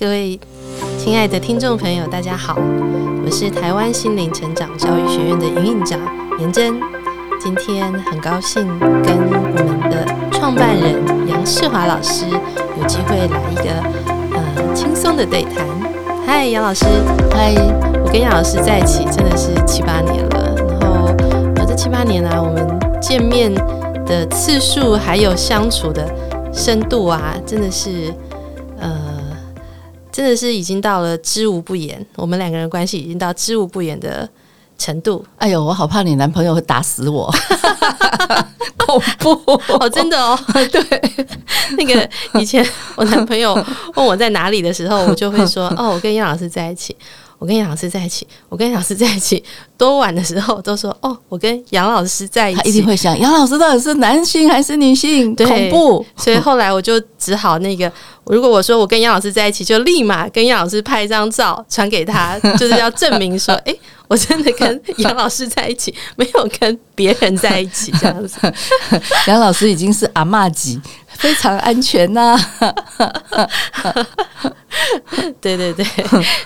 各位親愛的聽眾朋友，大家好，我是台灣心靈成長教育學院的營運長妍甄，今天很高興跟我們的創辦人楊世華老師有機會來一個呃輕鬆的對談。嗨，楊老師，嗨，我跟楊老師在一起真的是七八年了，然後我這七八年來，啊、我們見面的次數還有相處的深度啊，真的是。真的是已經到了知無不言，我們兩個人關係已經到知無不言的程度。哎呦，我好怕你男朋友會打死我， 恐怖哦！真的哦，對，那個以前我男朋友問我在哪裡的時候，我就會說哦，我跟妍老師在一起。我跟楊老師在一起，我跟楊老師在一起多晚的時候都說哦，我跟楊老師在一起。他一定會想，楊老師到底是男性還是女性？ 對恐怖！所以後來我就只好那個，如果我說我跟楊老師在一起，就立馬跟楊老師拍一張照傳給他，就是要證明說，哎、 欸，我真的跟楊老師在一起，沒有跟別人在一起。這樣子，楊 老師已經是阿嬤級，非常安全吶、啊。 對對對，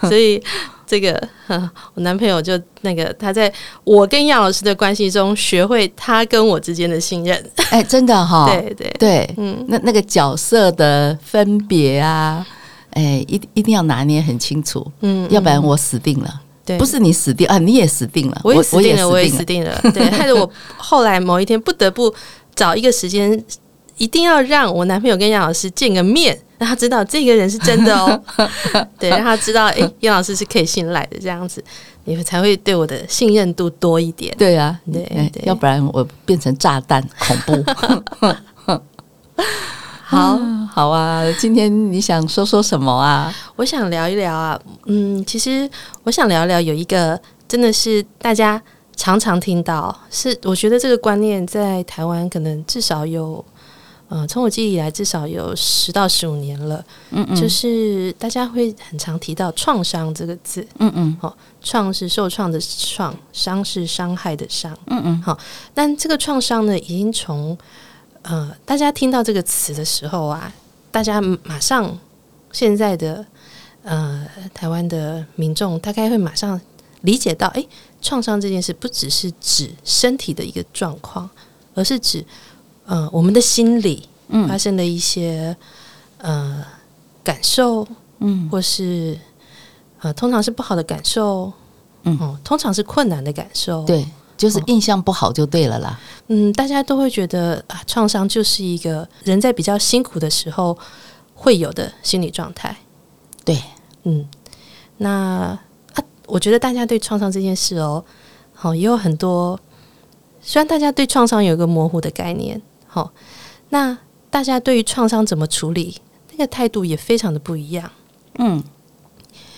所以。這個呵，我男朋友就那個他在我跟妍老師的關係中學會他跟我之間的信任，哎、欸，真的哈、哦，對對對，嗯，那那個角色的分別啊，哎、欸，一一定要拿捏很清楚，嗯，要不然我死定了，對，不是你死定啊，你也死定了，我也死定了，我也死定了，對，害得 我後來某一天不得不找一個時間。一定要讓我男朋友跟楊老師見個面，讓他知道這個人是真的哦。 對，讓他知道，哎、欸，楊老師是可以信賴的，這樣子你們才會對我的信任度多一點。對啊，對，欸、對，要不然我變成炸彈，恐怖。 好，嗯、好啊，今天你想說說什麼啊？我想聊一聊啊，嗯，其實我想聊一聊有一個真的是大家常常聽到，是我覺得這個觀念在台灣可能至少有。嗯，呃，從我記憶以來，至少有十到十五年了。嗯嗯，就是大家會很常提到“創傷”這個字。嗯嗯，哦，“創”是受創的“創”，“傷”是傷害的“傷”。嗯嗯，哦，但這個創傷呢，已經從呃，大家聽到這個詞的時候啊，大家馬上現在的呃，台灣的民眾大概會馬上理解到，哎，創傷這件事不只是指身體的一個狀況，而是指。嗯、呃，我們的心理發生了一些、嗯、呃感受，嗯，或是呃，通常是不好的感受，嗯、哦，通常是困難的感受，對，就是印象不好就對了啦。哦、嗯，大家都會覺得啊，創傷就是一個人在比較辛苦的時候會有的心理狀態。對，嗯，那、啊、我覺得大家對創傷這件事哦，好、哦、也有很多，雖然大家對創傷有一個模糊的概念。哦，那大家對於創傷怎麼處理？那個態度也非常的不一樣。嗯，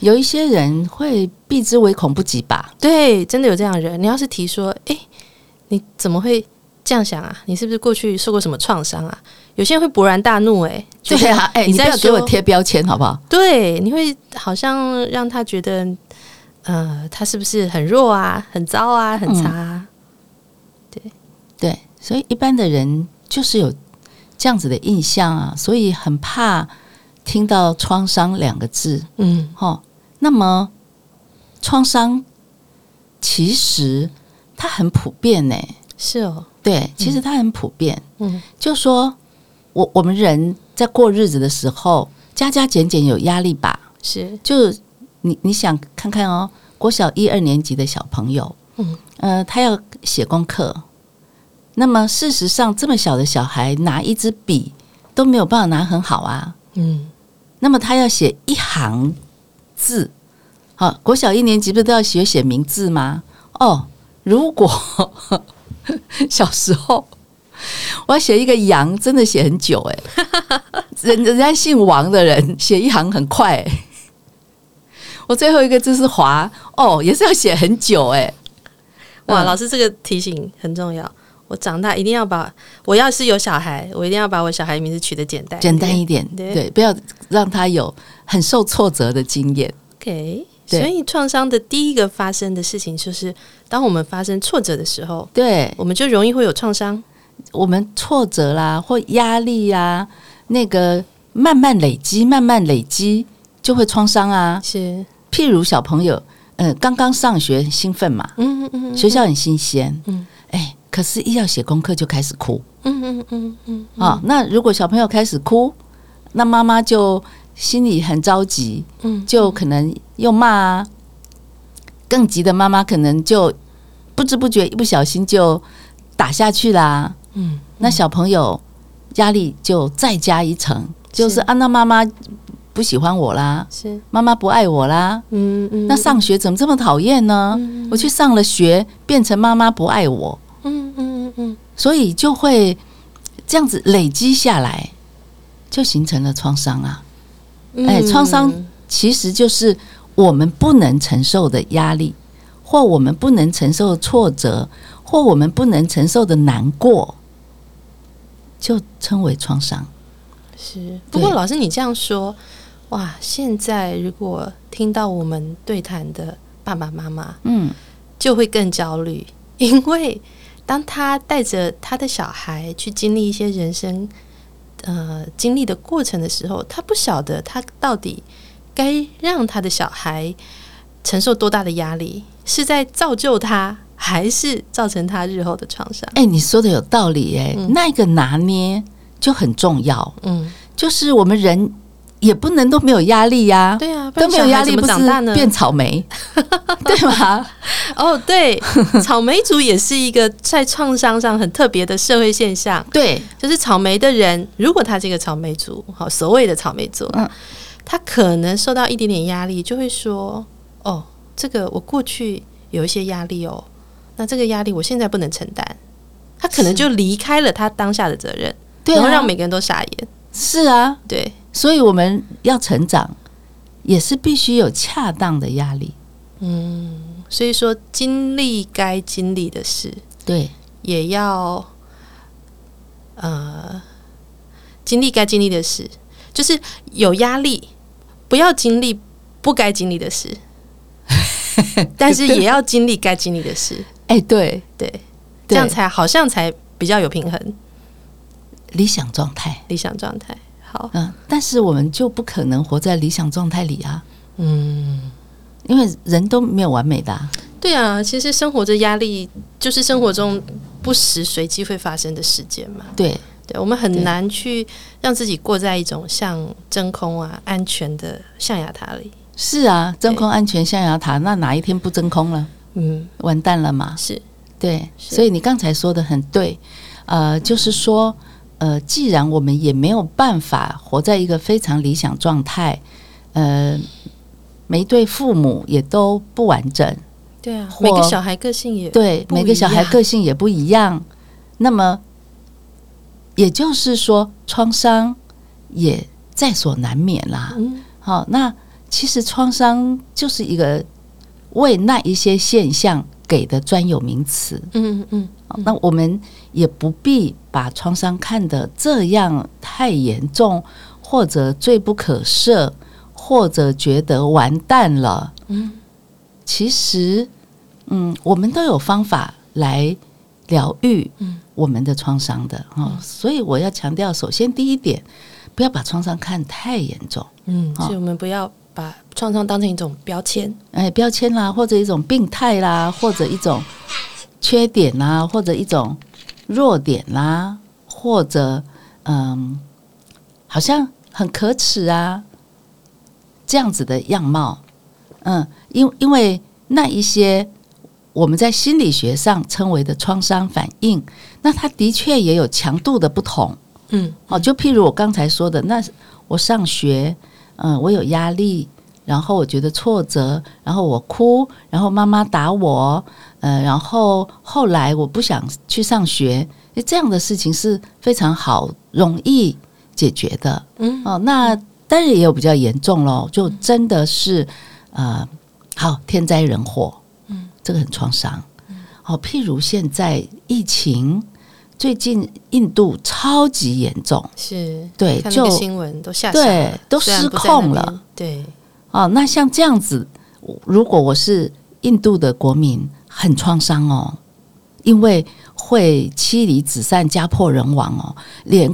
有一些人會避之唯恐不及吧？對，真的有這樣的人。你要是提說，哎，你怎麼會這樣想啊？你是不是過去受過什麼創傷啊？有些人會勃然大怒、欸，哎，對呀、啊，哎，你，你不要給我貼標籤好不好？對，你會好像讓他覺得，呃，他是不是很弱啊、很糟啊、很差、啊。嗯、對對，所以一般的人。就是有這樣子的印象啊，所以很怕聽到“創傷”兩個字。嗯，好。那麼，創傷其實它很普遍呢、欸。是哦、喔，對，其實它很普遍。嗯，就說我我們人在過日子的時候，加加減減有壓力吧？是，就你你想看看哦、喔，國小一二年級的小朋友，嗯、呃、他要寫功課。那麼，事實上，這麼小的小孩拿一支筆都沒有辦法拿很好啊。嗯，那麼他要寫一行字，好、啊，國小一年級不是都要學寫名字嗎？哦，如果小時候我要寫一個“楊”，真的寫很久哎、欸。 人人家姓王的人寫一行很快、欸，我最後一個字是“華”，哦，也是要寫很久哎、欸。哇，嗯、老師這個提醒很重要。我長大一定要把我要是有小孩，我一定要把我小孩名字取得簡單，簡單一點，對，對，對，不要讓他有很受挫折的經驗。OK，對所以創傷的第一個發生的事情，就是當我們發生挫折的時候，對，我們就容易會有創傷。我們挫折啦、啊，或壓力呀、啊，那個慢慢累積，慢慢累積就會創傷啊。是，譬如小朋友，嗯、呃，剛剛上學很興奮嘛，嗯哼嗯哼嗯哼，學校很新鮮，嗯，誒、欸。可是，一要寫功課就開始哭。嗯嗯嗯嗯。啊、嗯嗯嗯哦，那如果小朋友開始哭，那媽媽就心裡很着急。嗯，嗯就可能又罵啊。更急的媽媽可能就不知不覺一不小心就打下去啦。嗯，嗯那小朋友壓力就再加一層，是就是啊、那媽媽不喜歡我啦，是媽媽不愛我啦。嗯嗯。嗯那上學怎麼這麼討厭呢？嗯、我去上了學，變成媽媽不愛我。所以就會這樣子累積下來，就形成了創傷啊！哎、嗯，創傷其實就是我們不能承受的壓力，或我們不能承受的挫折，或我們不能承受的難過，就稱為創傷。是，不過老師，你這樣說，對哇，現在如果聽到我們對談的爸爸媽媽，嗯，就會更焦慮，因為。當他帶着他的小孩去經歷一些人生呃經歷的過程的時候，他不曉得他到底該讓他的小孩承受多大的壓力，是在造就他，還是造成他日後的創傷？哎、欸，你說的有道理、欸，哎，嗯、那個拿捏就很重要，嗯，就是我們人。也不能都沒有壓力呀、啊，對呀、啊，都沒有壓力怎麼長大呢？變草莓， 對嗎吧？哦，oh, 對， 草莓族也是一個在創傷上很特別的社會現象。對，就是草莓的人，如果他這個草莓族，好所謂的草莓族，嗯、他可能受到一點點壓力，就會說：“哦，這個我過去有一些壓力哦，那這個壓力我現在不能承擔。”他可能就離開了他當下的責任，是然後讓每個人都傻眼。啊對是啊，對。所以我們要成長，也是必須有恰當的壓力。嗯，所以說經歷該經歷的事，對，也要呃經歷該經歷的事，就是有壓力，不要經歷不該經歷的事， 但是也要經歷該經歷的事。哎，對對，這樣才對好像才比較有平衡，理想狀態，理想狀態。好，嗯，但是我們就不可能活在理想狀態裡啊，嗯，因為人都沒有完美的啊。對啊，其實生活的壓力就是生活中不時隨機會發生的事件嘛。對，對我們很難去讓自己過在一種像真空啊、對安全的象牙塔裡。是啊，真空安全象牙塔，對那哪一天不真空了？嗯，完蛋了嘛。是，對，是所以你剛才說的很對，呃，就是說。呃，既然我們也沒有辦法活在一個非常理想狀態，呃，每對父母也都不完整，對啊，活每個小孩個性也對，每個小孩個性也不一樣。那麼也就是說，創傷也在所難免啦。好、嗯哦，那其實創傷就是一個為那一些現象給的專有名詞。嗯，嗯嗯。那我們也不必把創傷看得這樣太嚴重，或者罪不可赦，或者覺得完蛋了。嗯，其實，嗯，我們都有方法來療癒我們的創傷的。哈、嗯哦，所以我要強調，首先第一點，不要把創傷看得太嚴重。嗯，哦、所以我們不要把創傷當成一種標籤，哎，標籤啦，或者一種病態啦，或者一種。缺點啊，或者一種弱點啊，或者嗯，好像很可恥啊，這樣子的樣貌，嗯，因因為那一些我們在心理學上稱為的創傷反應，那它的確也有強度的不同，嗯，哦，就譬如我剛才說的，那我上學，嗯，我有壓力，然後我覺得挫折，然後我哭，然後媽媽打我。呃，然後後來我不想去上學，這樣的事情是非常好容易解決的。嗯，哦，那但是也有比較嚴重咯，就真的是，嗯、呃，好天災人禍，嗯，這個很創傷，嗯、哦，譬如現在疫情，最近印度超級嚴重，是對，看，就那個新聞都下，下了，對，都失控了，對，哦，那像這樣子，如果我是印度的國民。很創傷哦，因為會妻離子散、家破人亡哦，連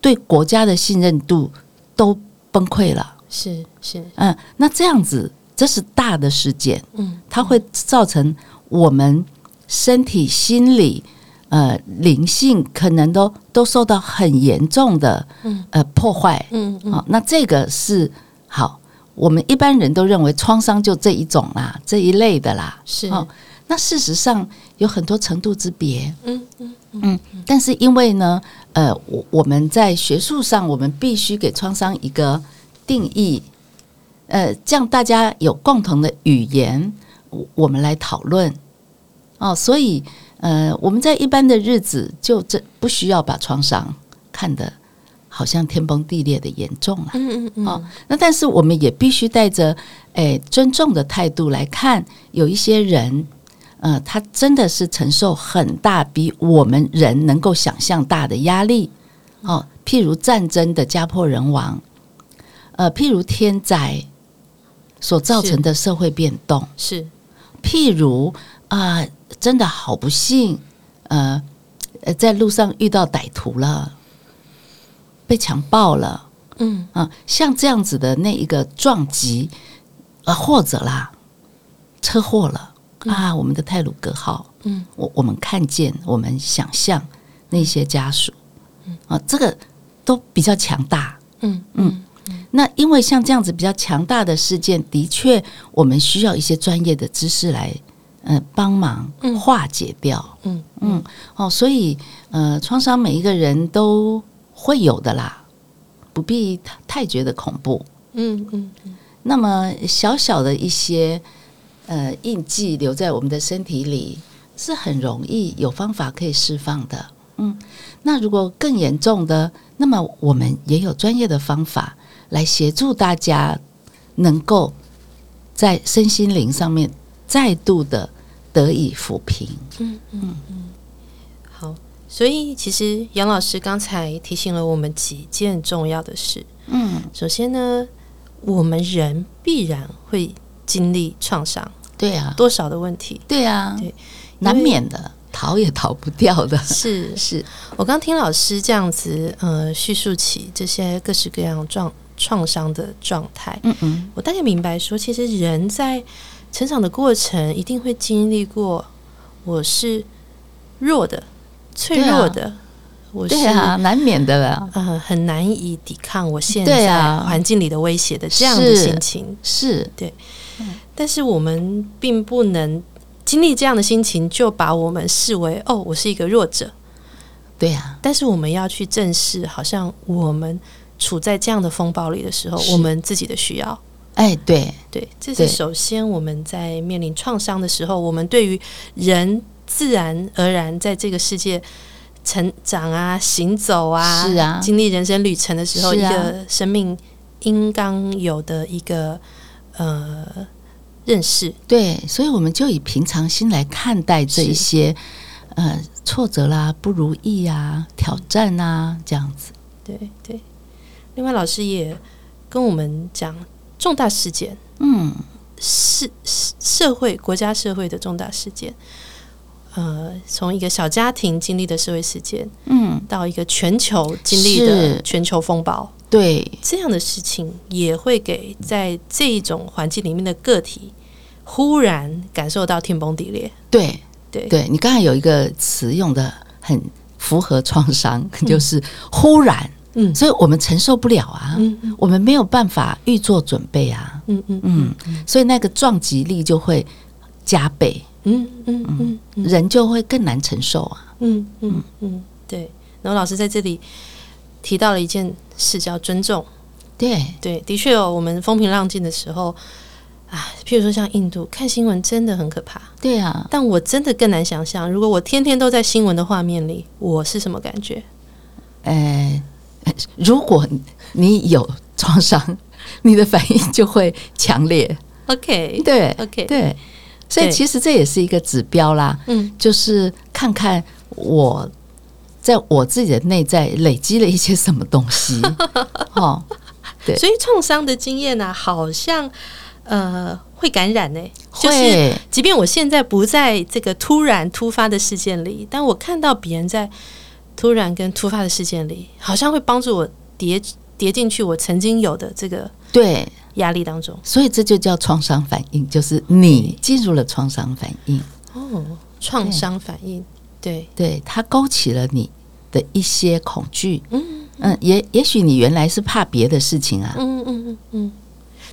對國家的信任度都崩潰了。是是，是嗯，那這樣子，這是大的事件，嗯，它會造成我們身體、心理、呃，靈性可能都都受到很嚴重的呃嗯呃破壞，嗯，好、嗯哦，那這個是好，我們一般人都認為創傷就這一種啦，這一類的啦，是哦。那事實上有很多程度之別，嗯嗯嗯，嗯，但是因為呢，呃，我我們在學術上我們必須給創傷一個定義，呃，這樣大家有共同的語言，我我們來討論，哦，所以呃，我們在一般的日子就這不需要把創傷看得好像天崩地裂的嚴重了，啊嗯，嗯嗯嗯，哦，那但是我們也必須帶着誒尊重的態度來看，有一些人。呃，他真的是承受很大比我們人能夠想象大的壓力哦，呃，譬如戰爭的家破人亡，呃，譬如天災所造成的社會變動，是，是譬如啊，呃，真的好不幸，呃，在路上遇到歹徒了，被強暴了，嗯、呃、啊，像這樣子的那一個撞擊，呃，或者啦，車禍了。啊，我們的太魯閣號，嗯，我我們看見，我們想象那些家屬，嗯、啊，這個都比較強大，嗯嗯，嗯，那因為像這樣子比較強大的事件，的確我們需要一些專業的知識來，嗯、呃，幫忙化解掉，嗯嗯，哦、嗯嗯嗯啊，所以呃，創傷每一個人都會有的啦，不必太，太覺得恐怖，嗯嗯，嗯嗯那麼小小的一些。呃，印記留在我們的身體裡是很容易有方法可以釋放的。嗯，那如果更嚴重的，那麼我們也有專業的方法來協助大家，能夠在身心靈上面再度的得以撫平。嗯嗯嗯，嗯好，所以其實妍老師剛才提醒了我們幾件重要的事。嗯，首先呢，我們人必然會經歷創傷。對啊，多少的問題？對啊，對，難免的，逃也逃不掉的。是是，我剛聽老師這樣子呃敘述起這些各式各樣狀創傷的狀態，嗯嗯，我大概明白說，其實人在成長的過程一定會經歷過，我是弱的，脆弱的，對啊、我是對、啊、難免的了，嗯、呃，很難以抵抗我現在環境裡的威脅的這樣的心情，對啊、是，是，對。嗯、但是我們並不能經歷這樣的心情，就把我們視為哦，我是一個弱者，對呀、啊。但是我們要去正視，好像我們處在這樣的風暴裡的時候，是我們自己的需要。哎、欸，對對，這是首先我們在面臨創傷的時候，對我們對於人自然而然在這個世界成長啊、行走啊、是啊，經歷人生旅程的時候，啊、一個生命應當有的一個。呃，認識對，所以我們就以平常心來看待這一些是呃挫折啦、啊、不如意啊、挑戰啊這樣子。對對，另外老師也跟我們講重大事件，嗯，是社會國家社會的重大事件，呃，從一個小家庭經歷的社會事件，嗯，到一個全球經歷的全球風暴。對這樣的事情，也會給在這種環境裡面的個體，忽然感受到天崩地裂。對對，對你剛才有一個詞用的很符合創傷，就是忽然。嗯，所以我們承受不了啊，我們沒有辦法預做準備啊。嗯嗯嗯，所以那個撞擊力就會加倍。嗯嗯嗯，人就會更難承受啊。嗯嗯嗯，對。那老師在這裡。提到了一件事叫尊重，對對，的確哦，我們風平浪靜的時候啊，譬如說像印度看新聞真的很可怕，對啊，但我真的更難想象，如果我天天都在新聞的畫面裡，我是什麼感覺？哎、呃呃，如果你有創傷，你的反應就會強烈。 對 OK，對，OK，對，所以其實這也是一個指標啦，嗯對，就是看看我。在我自己的內在累積了一些什麼東西 哦，對，所以創傷的經驗呢、啊，好像呃會感染呢、欸，會就是即便我現在不在這個突然突發的事件裡，但我看到別人在突然跟突發的事件裡，好像會幫助我疊疊進去我曾經有的這個對壓力當中，所以這就叫創傷反應，就是你進入了創傷反應哦，創傷反應。哦對對，它勾起了你的一些恐懼。嗯，嗯嗯，嗯也也許你原來是怕別的事情啊。嗯嗯嗯嗯嗯，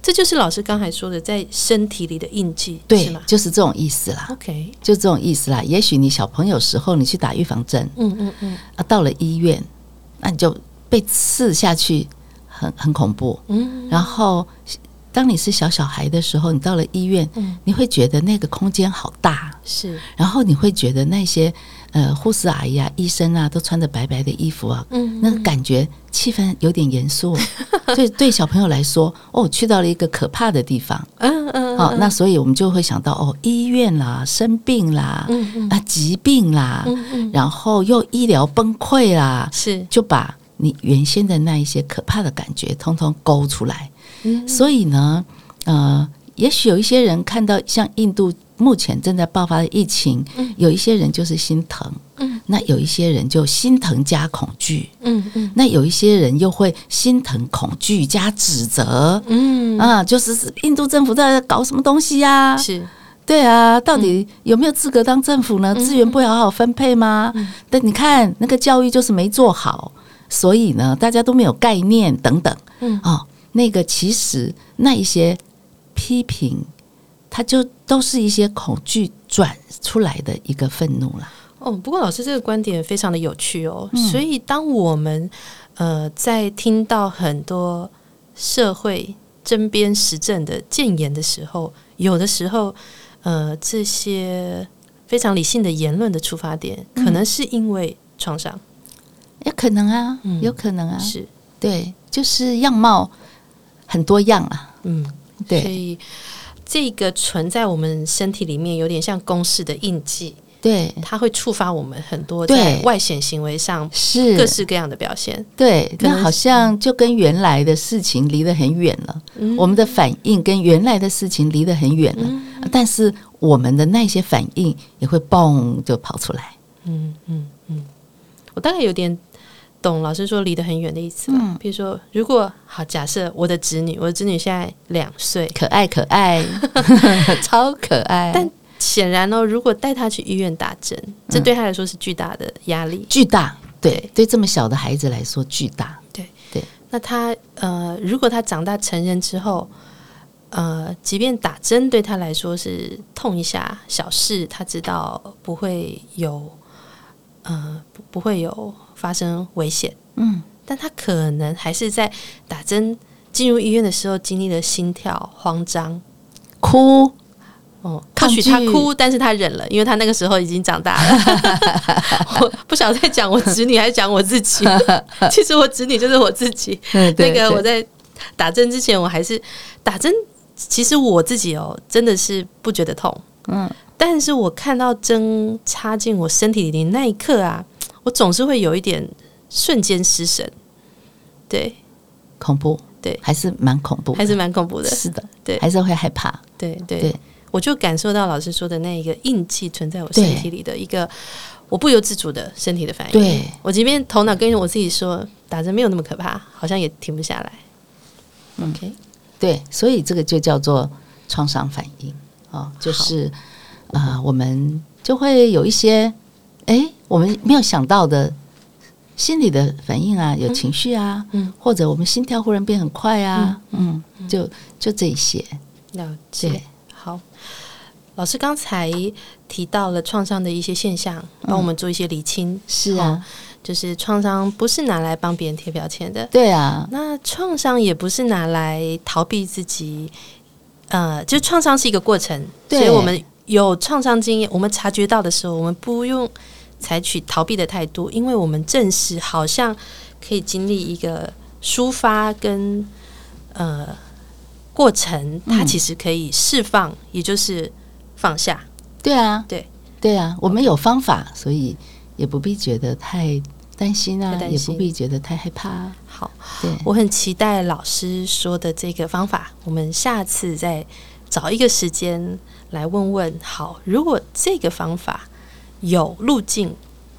這就是老師剛才說的，在身體裡的印記，對，是吧？就是這種意思啦。OK，就這種意思啦。也許你小朋友時候，你去打預防針。嗯嗯嗯，啊，到了醫院，那你就被刺下去很，很很恐怖。嗯，嗯，嗯，然後當你是小小孩的時候，你到了醫院，嗯嗯你會覺得那個空間好大，是，然後你會覺得那些。呃，護士阿姨啊，醫生啊，都穿着白白的衣服啊，嗯嗯那個感覺氣氛有點嚴肅，對 對小朋友來說，哦，去到了一個可怕的地方，嗯,嗯嗯，好，那所以我們就會想到，哦，醫院啦，生病啦，嗯嗯啊，疾病啦，嗯嗯然後又醫療崩潰啦，是，就把你原先的那一些可怕的感覺通通勾出來，嗯嗯所以呢，呃，也許有一些人看到像印度。目前正在爆發的疫情，嗯、有一些人就是心疼，嗯、那有一些人就心疼加恐懼、嗯，嗯嗯，那有一些人又會心疼恐懼加指責，嗯啊，就是印度政府在搞什麼東西呀、啊？是，對啊，到底有沒有資格當政府呢？資、嗯、源不好好分配嗎？嗯、但你看那個教育就是沒做好，所以呢，大家都沒有概念等等，嗯哦，那個其實那一些批評。他就都是一些恐懼轉出來的一個憤怒啦。哦，不過老師這個觀點非常的有趣哦。嗯、所以當我們呃在聽到很多社會針砭時政的諫言的時候，有的時候呃這些非常理性的言論的出發點，可能是因為創傷。也可能啊，有可能啊，嗯、能啊是對，就是樣貌很多樣啊。嗯，對。所以這個存在我們身體裡面，有點像公式的印記，對，它會觸發我們很多在外顯行為上是各式各樣的表現，對。對，跟，那好像就跟原來的事情離得很遠了，嗯、我們的反應跟原來的事情離得很遠了，嗯、但是我們的那些反應也會嘣就跑出來，嗯嗯嗯，我大概有點。懂老師說離得很遠的意思。嗯，比如說，如果好假設我的侄女，我的侄女現在兩歲，可愛可愛， 超可愛。但顯然哦，如果帶她去醫院打針，嗯、這對她來說是巨大的壓力，巨大。對，對，對這麼小的孩子來說，巨大。對對。那她呃，如果她長大成人之後，呃，即便打針對她來說是痛一下，小事，她知道不會有，呃，不，不會有。發生危險，嗯，但他可能還是在打針進入醫院的時候，經歷了心跳慌、慌張、哭，嗯、制哦，或許他哭，但是他忍了，因為他那個時候已經長大了。 我不想再講我侄女， 還是講我自己。 其實我侄女就是我自己。嗯、那個我在打針之前，我還是打針。對其實我自己哦、喔，真的是不覺得痛，嗯，但是我看到針插進我身體裡的那一刻啊。我總是會有一點瞬間失神，對，恐怖，對，還是蠻恐怖，還是蠻恐怖的，是，怖的是的，對，還是會害怕，對對，對對，我就感受到老師說的那一個印記存在我身體裡的一個，我不由自主的身體的反應，對，我即便頭腦跟我自己說打針沒有那麼可怕，好像也停不下來。嗯、OK，對，所以這個就叫做創傷反應哦，就是啊好、呃，我們就會有一些哎。誒我們沒有想到的心理的反應啊，有情緒啊，嗯，或者我們心跳忽然變很快啊，嗯，嗯，就就這一些了解。對好，老師剛才提到了創傷的一些現象，幫我們做一些理清。嗯、後是啊，就是創傷不是拿來幫別人貼標籤的，對啊。那創傷也不是拿來逃避自己，呃，就創傷是一個過程，對所以我們有創傷經驗，我們察覺到的時候，我們不用。採取逃避的態度，因為我們正是好像可以經歷一個抒發跟呃過程，它其實可以釋放，嗯、也就是放下。對啊，對對啊，我們有方法，okay, 所以也不必覺得太擔心啊，心也不必覺得太害怕。好，對我很期待老師說的這個方法，我們下次再找一個時間來問問。好，如果這個方法，有路徑，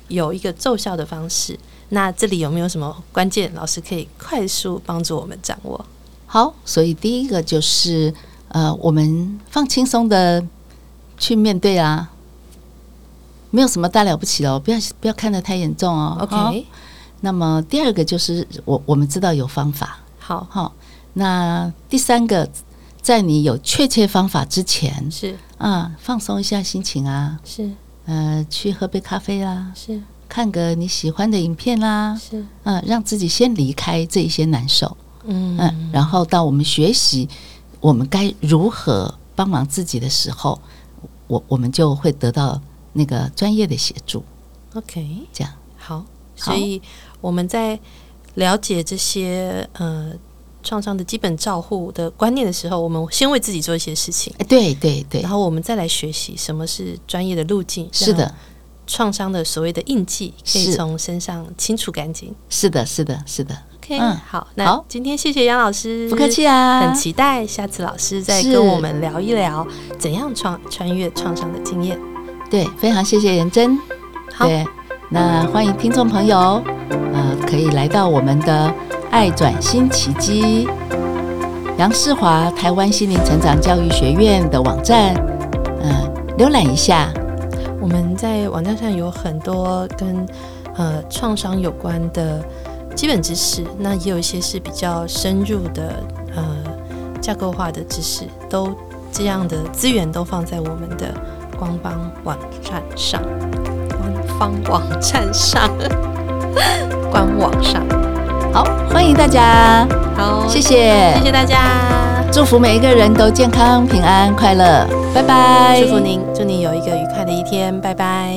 有一個奏效的方式。那這裡有沒有什麼關鍵？老師可以快速幫助我們掌握。好，所以第一個就是，呃，我們放輕鬆的去面對啊，沒有什麼大了不起的哦，不要不要看得太嚴重哦。OK。那麼第二個就是，我我們知道有方法。好好，那第三個，在你有確切方法之前，是啊，呃，放鬆一下心情啊，是。呃，去喝杯咖啡啦、啊，是看個你喜歡的影片啦、啊，是嗯、呃，讓自己先離開這一些難受，嗯嗯、呃，然後到我們學習我們該如何幫忙自己的時候，我我們就會得到那個專業的協助。OK，這樣好，好，所以我們在了解這些呃。創傷的基本照護的觀念的時候，我們先為自己做一些事情。哎、欸，對對對。對然後我們再來學習什麼是專業的路徑。是的，創傷的所謂的印記可以從身上清除乾淨。是的，是的，是的。OK、嗯、好，那今天謝謝楊老師，不客氣啊，很期待下次老師再跟我們聊一聊怎樣穿穿越創傷的經驗。對，非常謝謝妍甄。好對，那歡迎聽眾朋友，呃，可以來到我們的。愛轉心奇蹟，楊世華台灣心靈成長教育學院的網站，嗯、呃，瀏覽一下。我們在網站上有很多跟呃創傷有關的基本知識，那也有一些是比較深入的呃架構化的知識，都這樣的資源都放在我們的官方網站上，官方網站上， 官網上。好，歡迎大家。好，謝謝，謝謝大家。祝福每一個人都健康、平安、快樂。拜拜。祝福您，祝您有一個愉快的一天。拜拜。